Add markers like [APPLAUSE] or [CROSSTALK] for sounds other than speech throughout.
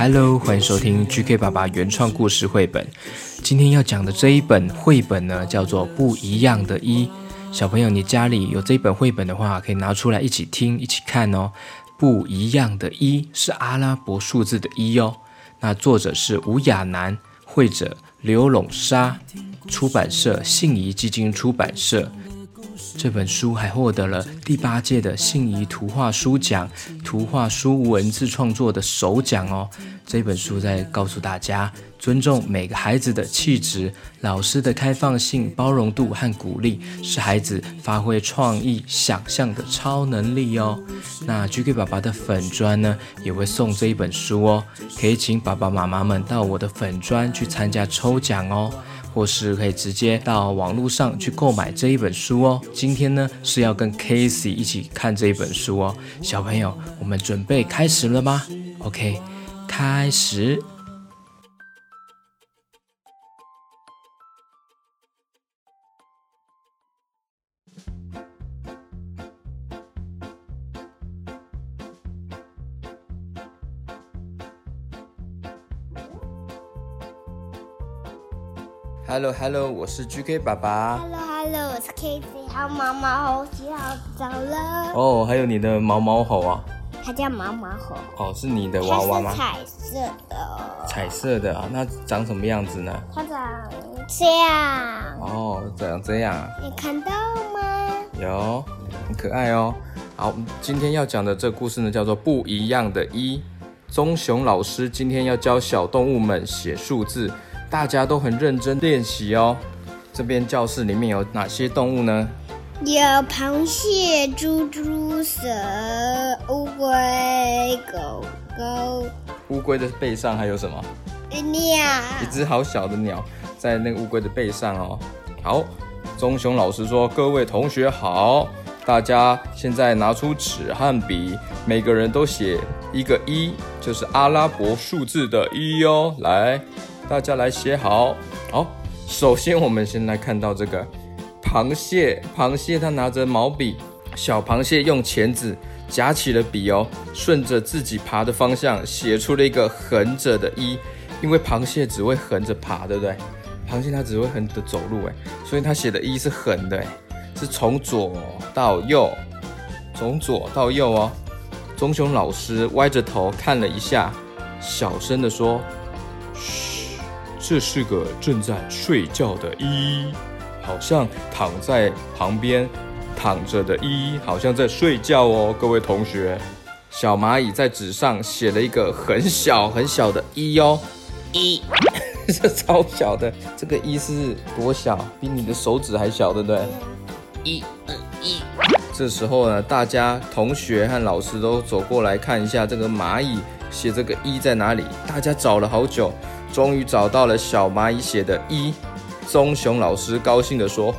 Hello，歡迎收聽 GK 爸爸原創故事繪本。今天要講的這一本繪本呢，叫做《不一樣的一》。小朋友，你家裡有這本繪本的話，可以拿出來一起聽、一起看哦。不一樣的一是阿拉伯數字的一哦。那作者是吳亞楠，繪者劉龍沙，出版社信誼基金出版社。這本書還獲得了第八屆的信誼圖畫書獎，圖畫書文字創作的首獎哦。這本書在告訴大家，尊重每個孩子的氣質，老師的開放性、包容度和鼓勵，是孩子發揮創意想象的超能力哦。那 GK 爸爸的粉專呢，也會送這一本書哦，可以請爸爸媽媽們到我的粉專去參加抽獎哦。或是可以直接到網絡上去購買這一本書哦。今天呢，是要跟 Kacey 一起看這一本書哦，小朋友，我們準備開始了嗎？OK，開始。Hello Hello，我是 GK 爸爸。Hello Hello，我是 Kacey，還有毛毛猴洗好澡了。哦，還有你的毛毛猴啊？它叫毛毛猴。哦，是你的娃娃嗎？它是彩色的。彩色的啊，那長什麼樣子呢？它長這樣。哦、oh，長這樣。你看到嗎？有，很可愛哦。好，今天要講的這個故事呢，叫做《不一樣的一》。棕熊老師今天要教小動物們寫數字。大家都很認真練習哦。這邊教室裡面有哪些動物呢？有螃蟹、豬豬蛇、烏龜、狗狗。烏龜的背上還有什麼？鳥，一隻好小的鳥在那個烏龜的背上哦。好，棕熊老師說：“各位同學好，大家現在拿出紙和筆，每個人都寫一個一，就是阿拉伯數字的一哦。來。”大家來寫好哦，哦。首先，我們先來看到這個螃蟹。螃蟹它拿着毛筆，小螃蟹用鉗子夾起了筆哦，順着自己爬的方向寫出了一個橫着的一。因為螃蟹只會橫着爬，對不對？螃蟹它只會橫着走路，誒。所以它寫的一是橫的，是從左到右，從左到右哦。棕熊老師歪着頭看了一下，小聲的說：“噓。”這是個正在睡覺的“一”，好像躺在旁邊躺着的“一”，好像在睡覺哦。各位同學，小螞蟻在紙上寫了一個很小很小的、哦“一”喲，“一”這超小的，這個“一”是多小？比你的手指還小，對不對？嗯，一、二、一。這時候呢，大家同學和老師都走過來看一下這個螞蟻寫這個“一”在哪裡。大家找了好久。終於找到了小螞蟻寫的、e “一”，棕熊老師高興地說：“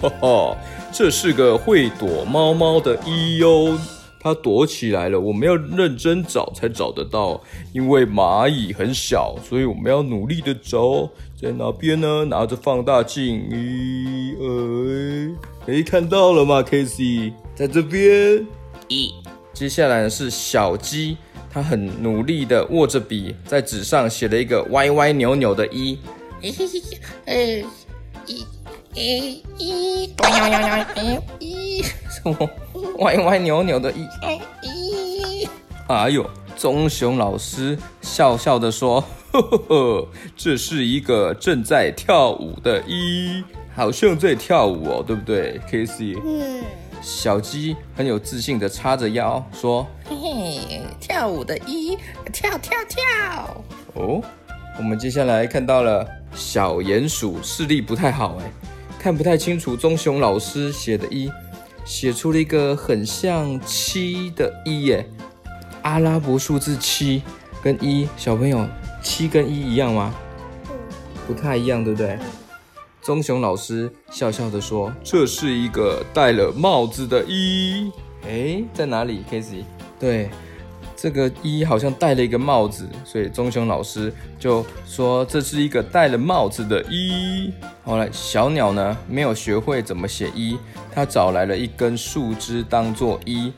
哈哈，這是個會躲貓貓的‘一’喲，它躲起來了，我們要認真找才找得到。因為螞蟻很小，所以我們要努力的找。在哪邊呢？拿着放大鏡，咦、e, 欸，哎，哎，看到了嗎？Kacey，在這邊。一、e，接下來是小雞。”他很努力的握着筆，在紙上寫了一個歪歪扭扭的“一”，嘿嘿嘿，哎，一，一，一，歪歪扭扭，哎，一，什麼歪歪扭扭的“一”，哎，一，哎呦，棕熊老師笑笑的說：“呵呵呵，這是一個正在跳舞的‘一’，好像在跳舞哦，對不對，Kacey？” 嗯。Kacey 小雞很有自信地叉着腰說：“嘿嘿，跳舞的一跳跳跳。”哦，我們接下來看到了小鼴鼠視力不太好哎，看不太清楚。棕熊老師寫的“一”，寫出了一個很像七的“一”耶。阿拉伯數字七跟一，小朋友七跟一一樣嗎？嗯。不太一樣，對不對？棕熊老師笑笑的說：“這是一個戴了帽子的一。”欸誒，在哪裡，Casey？對，這個一好像戴了一個帽子，所以棕熊老師就說：“這是一個戴了帽子的一。”好了，小鳥呢，沒有學會怎麼寫一，它找來了一根樹枝當做一。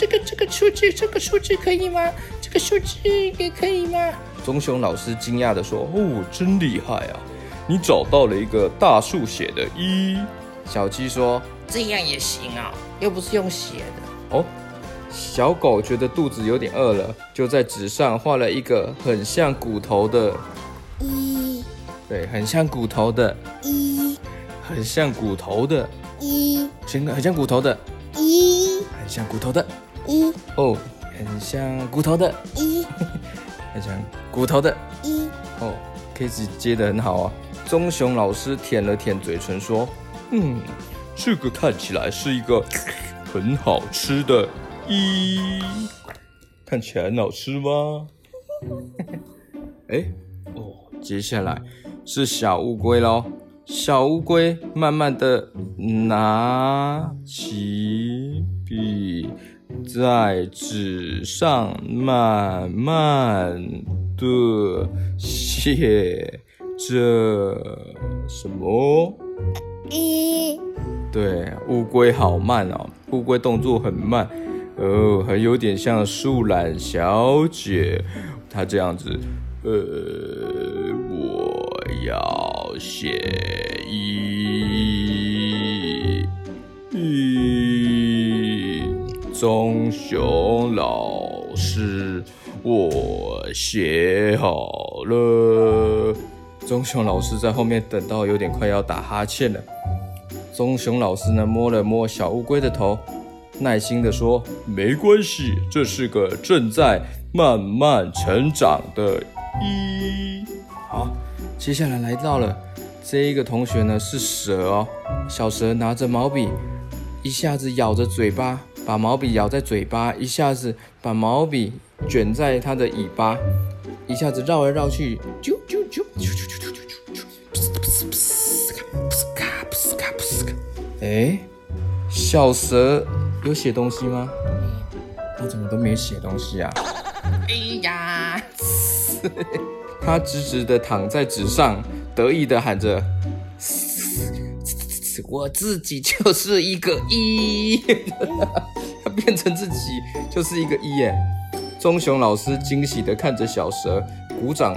這個這個數字，這個數字可以嗎？這個數字也可以嗎？棕熊老師驚訝地說：“哦，真厲害啊！你找到了一個大樹寫的‘一’。”小雞說：“這樣也行啊，哦，又不是用寫的。”哦。小狗覺得肚子有點餓了，就在紙上畫了一個很像骨頭的“一、嗯”，對，很像骨頭的“一、嗯”，很像骨頭的“一”，真的很像骨頭的“一”，很像骨頭的。嗯一哦，oh, 很像骨頭的。一 [LAUGHS] 很像骨頭的。一哦 Kacey 接得很好啊，棕熊老師舔了舔嘴唇，說：“嗯，這個看起來是一個很好吃的咦。”一看起來很好吃嗎？哎哦，oh, 接下來是小烏龜嘍。小烏龜慢慢的拿起筆。在紙上慢慢的寫着什麼？一，對，烏龜好慢哦，烏龜動作很慢，呃，還有點像樹懶小姐，她這樣子，呃，我要寫一。棕熊老師，我寫好了。棕熊老師在後面等到有點快要打哈欠了。棕熊老師呢摸了摸小烏龜的頭，耐心地說：“沒關係，這是個正在慢慢成長的一。”好，接下來來到了這個同學呢是蛇哦。小蛇拿着毛筆，一下子咬着嘴巴。把毛筆咬在嘴巴，一下子把毛筆捲在他的尾巴，一下子繞來繞，繞去，啾啾啾，啾啾啾啾啾啾啾啾啾，啾，啾，啾，哎、欸，小蛇有寫東西嗎？它、欸、怎麼都沒寫東西啊？哎呀！它直直的躺在紙上，得意的喊着：“ [LAUGHS] 我自己就是一個一。 [LAUGHS] ”變成自己就是一個一、e、哎！棕熊老師驚喜的看着小蛇，鼓掌，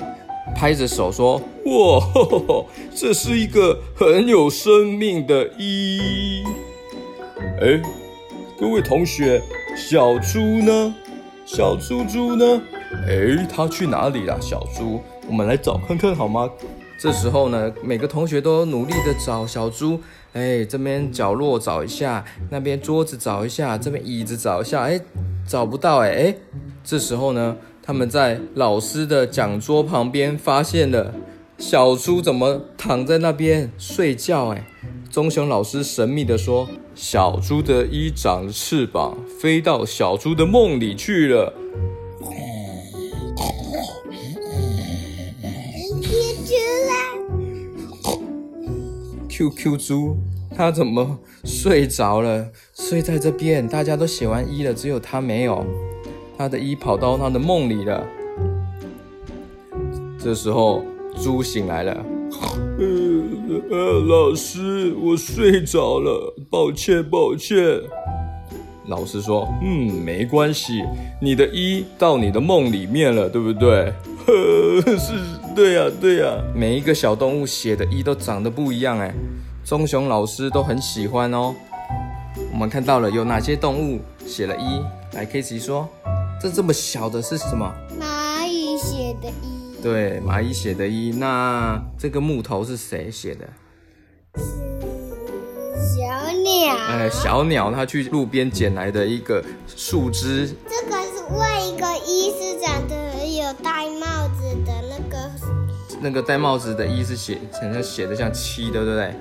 拍着手說：“哇呵呵呵，這是一個很有生命的、e ‘一’。”哎，各位同學，小豬呢？小豬豬呢？哎、欸，它去哪裡了？小豬，我們來找看看好嗎？這時候呢，每個同學都努力的找小豬。哎，這邊角落找一下，那邊桌子找一下，這邊椅子找一下，哎，找不到誒，哎哎，這時候呢，他們在老師的講桌旁邊發現了小豬怎麼躺在那邊睡覺誒？哎，棕熊老師神秘的說：“小豬的1長翅膀，飛到小豬的夢裡去了。” QQ 豬，他怎麼睡着了？睡在這邊，大家都寫完一了，只有他沒有，他的一跑到他的夢裡了。這時候，豬醒來了，呃，老師，我睡着了，抱歉，抱歉。老師說，嗯，沒關係，你的一到你的夢裡面了，對不對？呃， [LAUGHS] 是，對呀，對呀，每一個小動物寫的“一”都長得不一樣哎，棕熊老師都很喜歡哦。我們看到了有哪些動物寫了一？來，Kacey 說，這這麼小的是什麼？螞蟻寫的“一”，對，螞蟻寫的“一”。那這個木頭是誰寫的？小鳥。哎，小鳥它去路邊撿來的一個樹枝。這個。另外一個一、e，是長得有戴帽子的那個。那個戴帽子的一、e，是寫，好像寫的像七，對不對？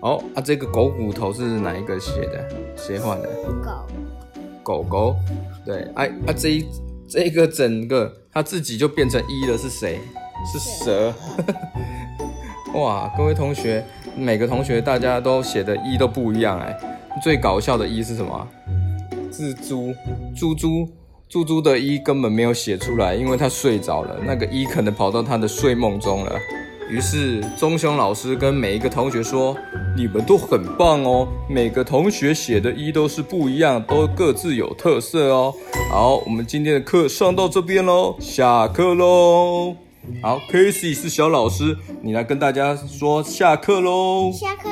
哦，啊，這個狗骨頭是哪一個寫的？誰畫的？狗。狗狗，對。哎、啊，啊這一，這，這個整個他自己就變成一、e、了，是誰？是蛇。是啊、 [LAUGHS] 哇，各位同學，每個同學大家都寫的“一”都不一樣哎、欸。最搞笑的“一”是什麼？是豬，豬豬，豬豬的一根本沒有寫出來，因為他睡着了。那個一可能跑到他的睡夢中了。於是棕熊老師跟每一個同學說：“你們都很棒哦，每個同學寫的‘一’都是不一樣，都各自有特色哦。”好，我們今天的課上到這邊嘍，下課嘍。好，Kacey 是小老師，你來跟大家說下課嘍。下課。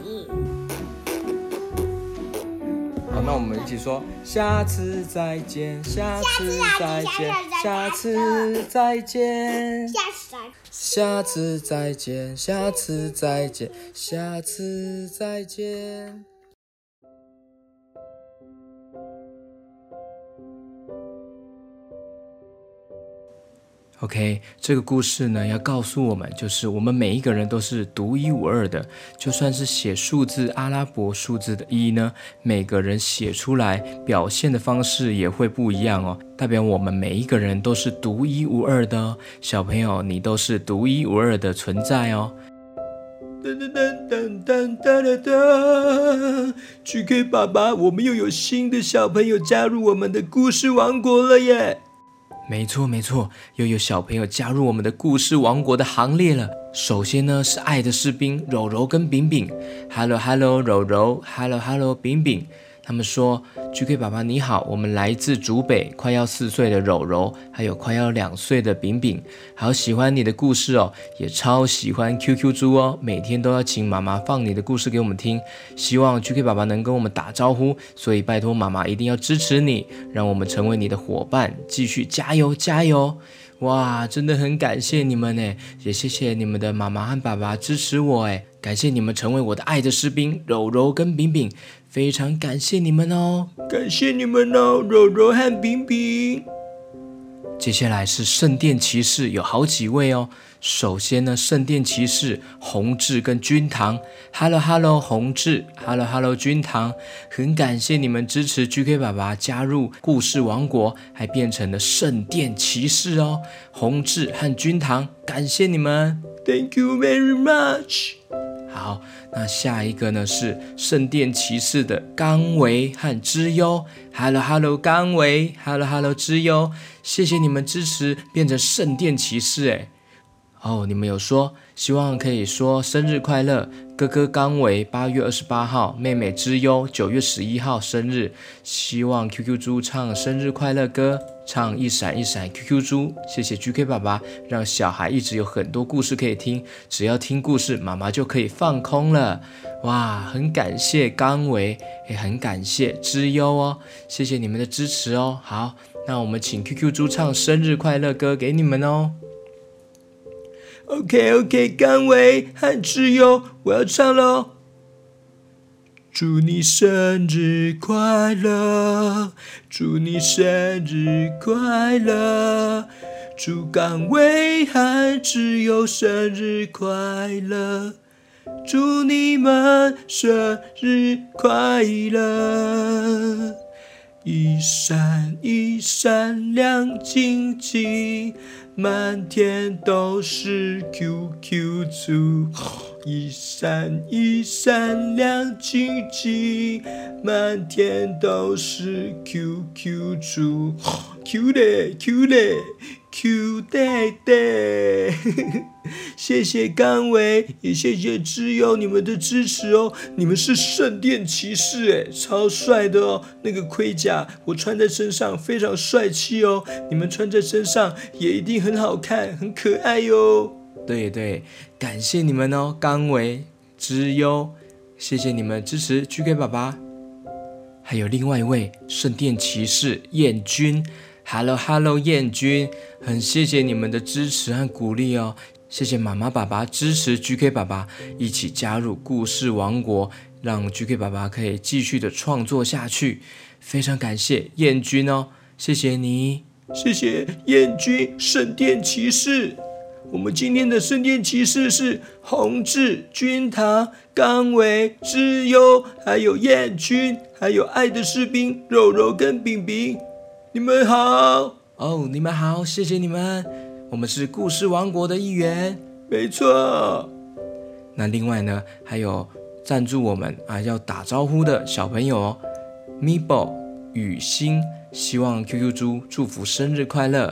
好，那我們一起說，下次再見，下次再見，下次再見，下次再見，下次再見，下次再見，下次再見。OK，這個故事呢，要告訴我們，就是我們每一個人都是獨一無二的。就算是寫數字阿拉伯數字的“一”呢，每個人寫出來表現的方式也會不一樣哦，代表我們每一個人都是獨一無二的哦。小朋友，你都是獨一無二的存在哦。噔噔噔噔噔噔噔，GK 爸爸，我們又有新的小朋友加入我們的故事王國了耶！沒錯，沒錯，又有小朋友加入我們的故事王國的行列了。首先呢，是愛的士兵柔柔跟餅餅。Hello，Hello，hello, 柔柔。Hello，Hello，hello, 餅餅。他們說：“GK 爸爸你好，我們來自竹北，快要四歲的柔柔，還有快要兩歲的餅餅，好喜歡你的故事哦，也超喜歡 QQ 豬哦，每天都要請媽媽放你的故事給我們聽，希望 GK 爸爸能跟我們打招呼，所以拜託媽媽一定要支持你，讓我們成為你的夥伴，繼續加油加油！哇，真的很感謝你們呢，也謝謝你們的媽媽和爸爸支持我哎，感謝你們成為我的愛的士兵，柔柔跟餅餅。”非常感謝你們哦，感謝你們哦，柔柔和冰冰。接下來是聖殿騎士，有好幾位哦。首先呢，聖殿騎士洪志跟君堂，Hello Hello，洪志，Hello Hello，君堂，很感謝你們支持 GK 爸爸，加入故事王國，還變成了聖殿騎士哦，洪志和君堂，感謝你們，Thank you very much。好，那下一個呢是聖殿騎士的剛維和之優。Hello Hello，剛維。Hello Hello，之優。謝謝你們支持，變成聖殿騎士。誒。哦，你們有說希望可以說生日快樂，哥哥剛維八月二十八號，妹妹之優九月十一號生日，希望 QQ 豬唱生日快樂歌。唱一閃一閃 QQ 豬，謝謝 GK 爸爸，讓小孩一直有很多故事可以聽。只要聽故事，媽媽就可以放空了。哇，很感謝甘維，也很感謝之優哦，謝謝你們的支持哦。好，那我們請 QQ 豬唱生日快樂歌給你們哦。OK OK，甘維和之優，我要唱囉。祝你生日快樂，祝你生日快樂，祝敢為漢子有生日快樂，祝你們生日快樂，一閃一閃亮晶晶。滿天都是 QQ 豬，一閃一閃亮晶晶，滿天都是 QQ 豬，Q 嘞 Q 嘞。Q 呆呆，謝謝甘維，也謝謝知悠你們的支持哦。你們是聖殿騎士哎，超帥的哦。那個盔甲我穿在身上非常帥氣哦，你們穿在身上也一定很好看，很可愛喲、哦。對對，感謝你們哦，甘維、知悠，謝謝你們的支持 GK 爸爸。還有另外一位聖殿騎士燕君。Hello，Hello，hello 燕君，很謝謝你們的支持和鼓勵哦，謝謝媽媽爸爸支持 GK 爸爸，一起加入故事王國，讓 GK 爸爸可以繼續的創作下去，非常感謝燕君哦，謝謝你，謝謝燕君聖殿騎士，我們今天的聖殿騎士是弘志、君堂、剛偉、之優，還有燕君，還有愛的士兵肉肉跟餅餅。你們好哦，oh, 你們好，謝謝你們，我們是故事王國的一員，沒錯。那另外呢，還有贊助我們啊要打招呼的小朋友哦 Mibo 雨欣，希望 QQ 豬祝福生日快樂。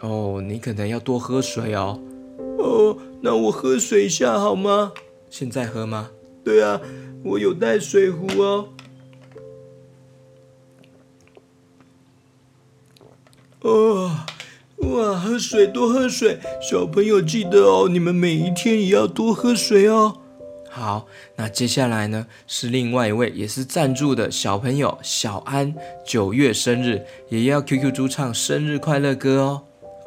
哦，你可能要多喝水哦。哦，那我喝水一下好嗎？現在喝嗎？對啊，我有帶水壺哦。哦，哇，喝水多喝水，小朋友記得哦，你們每一天也要多喝水哦。好，那接下來呢，是另外一位也是贊助的小朋友小安，九月生日，也要 QQ 豬唱生日快樂歌哦。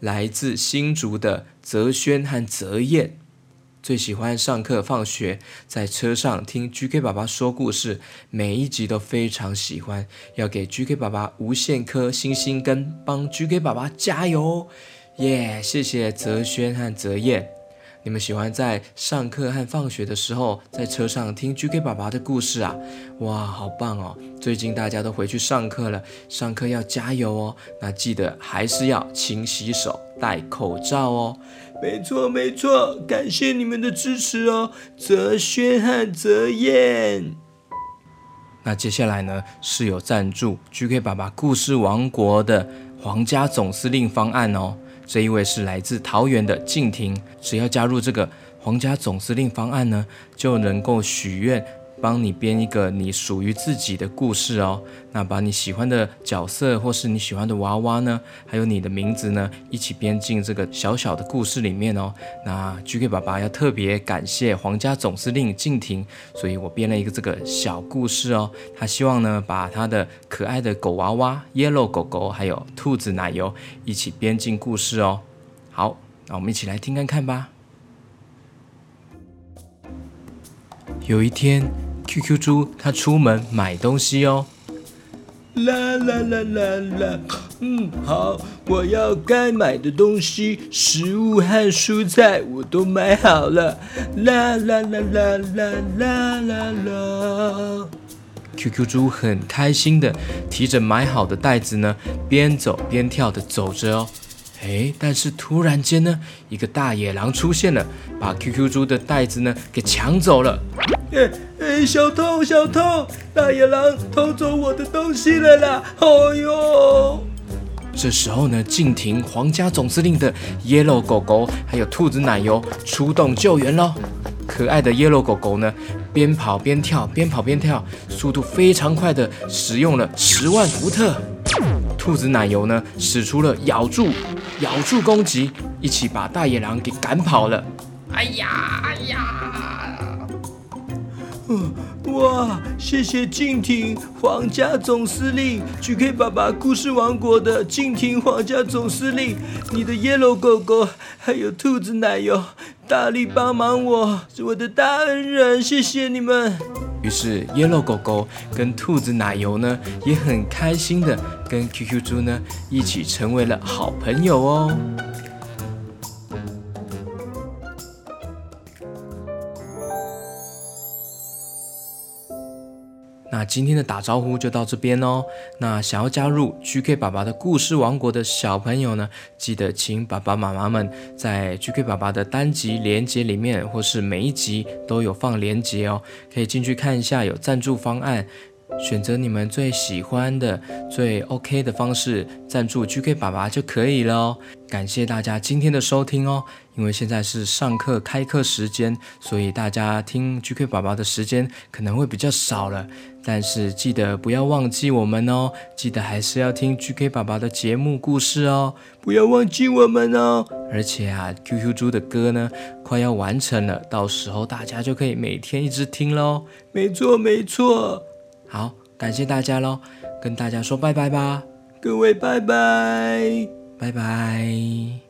來自新竹的澤軒和澤彥，最喜歡上課放學在車上聽 GK 爸爸說故事，每一集都非常喜歡，要給 GK 爸爸無限顆星星跟幫 GK 爸爸加油，耶、yeah！謝謝澤軒和澤彥。你們喜歡在上課和放學的時候在車上聽 GK 爸爸的故事啊？哇，好棒哦！最近大家都回去上課了，上課要加油哦。那記得還是要勤洗手、戴口罩哦。沒錯，沒錯，感謝你們的支持哦，澤軒和澤彥。那接下來呢，是有贊助 GK 爸爸故事王國的皇家總司令方案哦。這一位是來自桃園的靜婷，只要加入這個皇家總司令方案呢，就能夠許願，幫你編一個你屬於自己的故事哦。那把你喜歡的角色，或是你喜歡的娃娃呢，還有你的名字呢，一起編進這個小小的故事裡面哦。那 GK 爸爸要特別感謝皇家總司令敬亭，所以我編了一個這個小故事哦。他希望呢，把他的可愛的狗娃娃 Yellow 狗狗，還有兔子奶油一起編進故事哦。好，那我們一起來聽看看吧。有一天。QQ 豬它出門買東西哦，啦啦啦啦啦，嗯好，我要該買的東西，食物和蔬菜我都買好了，啦啦啦啦啦啦啦啦。QQ 豬很開心的提着買好的袋子呢，邊走邊跳的走着哦。哎，但是突然間呢，一個大野狼出現了，把 QQ 豬的袋子呢給搶走了。哎哎，小偷小偷，大野狼偷走我的東西了啦！哎呦，這時候呢，靜庭皇家總司令的 Yellow 狗狗還有兔子奶油出動救援嘍。可愛的 Yellow 狗狗呢，邊跑邊跳，邊跑邊跳，速度非常快的使用了十萬伏特。兔子奶油呢，使出了咬住。咬住攻擊，一起把大野狼給趕跑了。哎呀哎呀！嗯哇，謝謝敬亭皇家總司令，GK 爸爸故事王國的敬亭皇家總司令，你的 yellow 狗狗還有兔子奶油大力幫忙我，我是我的大恩人，謝謝你們。於是，Yellow 狗狗跟兔子奶油呢，也很開心的跟 QQ 豬呢，一起成為了好朋友哦。那今天的打招呼就到這邊哦。那想要加入 GK 爸爸的故事王國的小朋友呢，記得請爸爸媽媽們在 GK 爸爸的單集連結裡面，或是每一集都有放連結哦，可以進去看一下有贊助方案。選擇你們最喜歡的、最 OK 的方式，贊助 GK 爸爸就可以了哦。感謝大家今天的收聽哦。因為現在是上課開課時間，所以大家聽 GK 爸爸的時間可能會比較少了。但是記得不要忘記我們哦，記得還是要聽 GK 爸爸的節目故事哦，不要忘記我們哦。而且啊，QQ 豬的歌呢，快要完成了，到時候大家就可以每天一直聽了哦。沒錯，沒錯。好，感謝大家嘍，跟大家說拜拜吧，各位拜拜，拜拜。